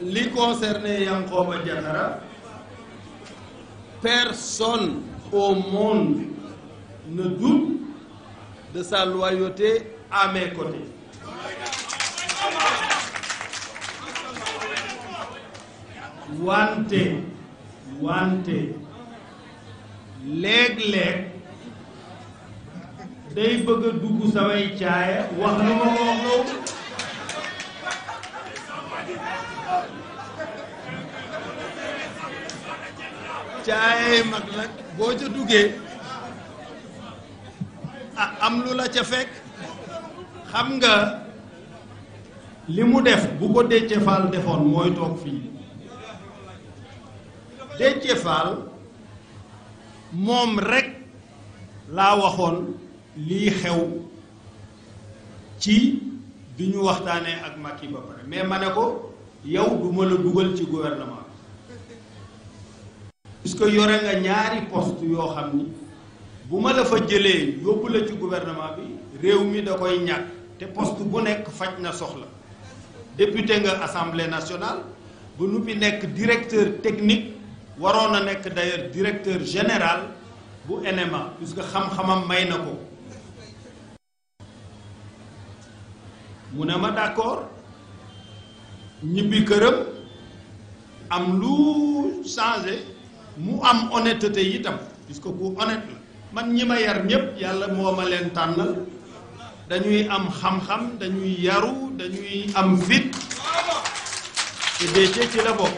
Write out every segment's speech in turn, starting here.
li concerne Yankhoba Diattara personne au monde ne doute de sa loyauté à mes côtés wante wante day bëgg a samay caaya wax na ma ko ca mag la boo ca duggee ah am lu la ca fekk xam nga li mu def bu ko Déthié Fall defoon mooy toog fii Déthié Fall moom rekk laa waxoon lii xew ci bi ñu waxtaanee ak Macky ba pare mais ma ne ko yow duma la dugal ci gouvernement puisque yore nga ñaari poste yoo xam ni bu ma la fa jëlee yóbbu la ci gouvernement bi réew mi da koy ñàkk te poste bu nekk faj na soxla député nga assemblée nationale ba nu nekk directeur technique waroon a nekk d'ailleurs directeur général bu NMA puisque xam-xamam may na ko mu ne ma d'accord ñibbi këram am lu changé mu am honnêteté itam puisque ku honnête la man ñi ma yar ñëpp yàlla moo ma leen tànnal dañuy am xam-xam dañuy yaru dañuy am fit te déecee ci la bokk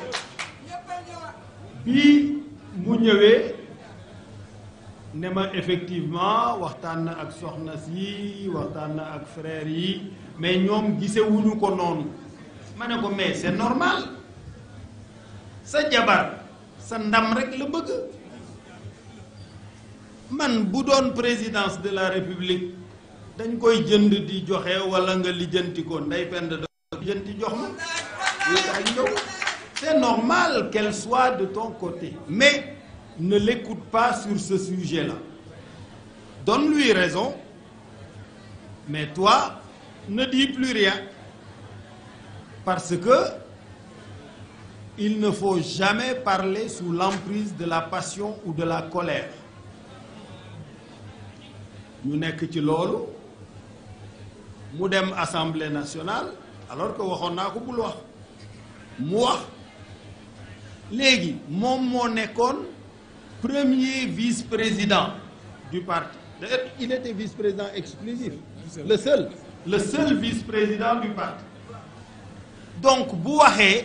bii mu ñëwee ne ma effectivement waxtaan na ak soxna si waxtaan na ak frère yi mais ñoom gisewuñu ko noonu ma ne ko mais c'est normal sa jabar sa ndam rek la bëgg man bu doon présidence de la république dañ koy jënd di joxe wala nga lijjanti ko nday pend da lijjanti jox ma c'est normal qu'elle soit de ton côté mais ne l'écoute pas sur ce sujet-là donne-lui raison mais toi ne dis plus rien parce que il ne faut jamais parler sous l'emprise de la passion ou de la colère ñu nekk ci loolu mu dem assemblée nationale alors que waxoon naa ko bul wax mu wax léegi moom moo nekkoon premier vice-président du parti d'ailleurs il était vice-président exclusif le seul le seul vice-président du parti donc bu waxee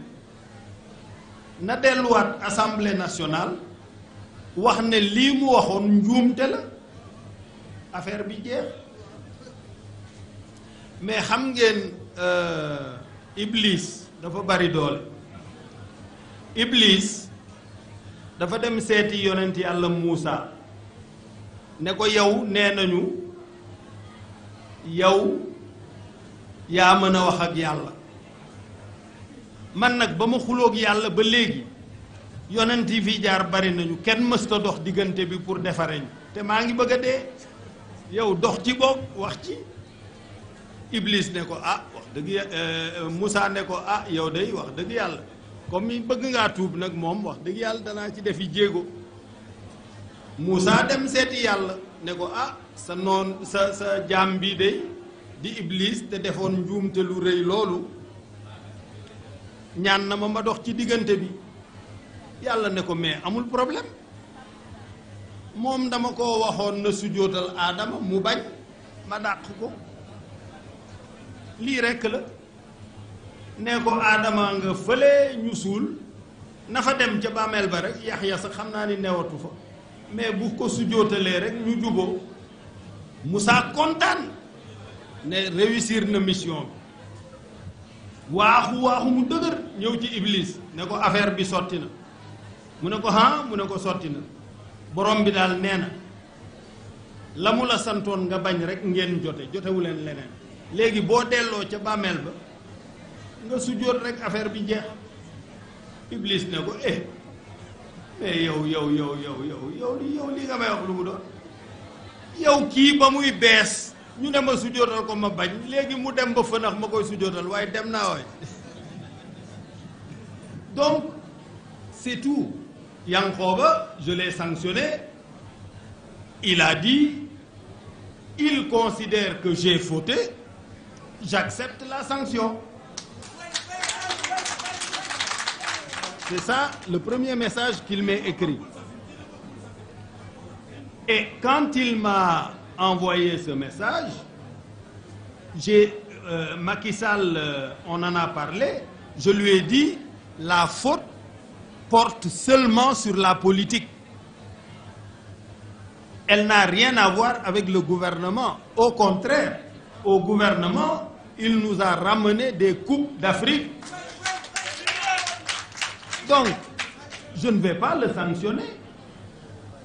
na delluwaat assemblée nationale wax ne lii mu waxoon njuumte la affaire bi jeex mais xam ngeen euh, Iblis dafa bari doole Iblis dafa dem seeti yonent yàlla Muusa ne ko yow nee nañu yow yaa mën a wax ak yàlla man nag ba ma xuloog yàlla ba léegi yonent yi fi jaar bari nañu kenn mësta dox diggante bi pour defareñ te maa ngi bëgg a dee yow dox ci boog wax ci Iblis ne ko ah wax dëgg euh, euh, Moussa ne ko ah yow day wax dëgg yàlla comme bëgg ngaa tuub nag moom wax dëgg yàlla danaa ci def defi jéego Moussa dem seeti yàlla ne ko ah sa noon sa sa jaam bii day di Iblis te defoon njuumte lu rëy loolu ñaan na ma ma dox ci diggante bi yàlla ne ko mais amul problème moom dama ko waxoon na sujjóotal aadama mu bañ ma dàq ko lii rekk la ne ko aadama nga fële ñu suul na fa dem ca bàmmeel ba rek yaxya sax xam naa ni newatu fa mais bu ko sujjóotalee rek ñu juboo musaa kontaan ne réussir na mission waaxu waaxu mu dëgër ñëw ci iblis ne ko affaire bi sotti na mu ne ko ah mu ne ko sotti na borom bi daal nee na la mu la santoon nga bañ rek ngeen jote jotewu leen leneen léegi boo delloo ca bàmmeel ba nga sujjóot rek affaire bi jeex iblis ne ko eh mais eh, yow yow yow yow yow yow yow nga may wax lu mu doon yow kii ba muy bees ñu ne ma sujootal ko ma bañ léegi mu dem ba fënax ma koy sujootal waaye dem naa waay donc c'est tout Yankhoba je l'ai sanctionné il a dit il considère que j'ai fauté j'accepte la sanction c'est ça le premier message qu'il m'est écrit et quand il m'a envoyé ce message. J'ai euh, Macky Sall, euh, on en a parlé, je lui ai dit la faute porte seulement sur la politique. Elle n'a rien à voir avec le gouvernement. Au contraire, au gouvernement, il nous a ramené des coupes d'Afrique. Donc, je ne vais pas le sanctionner.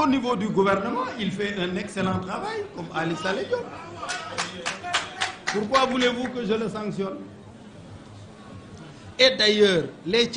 au niveau du gouvernement il fait un excellent travail comme Ali Saleh Diop pourquoi voulez-vous que je le sanctionne et d'ailleurs les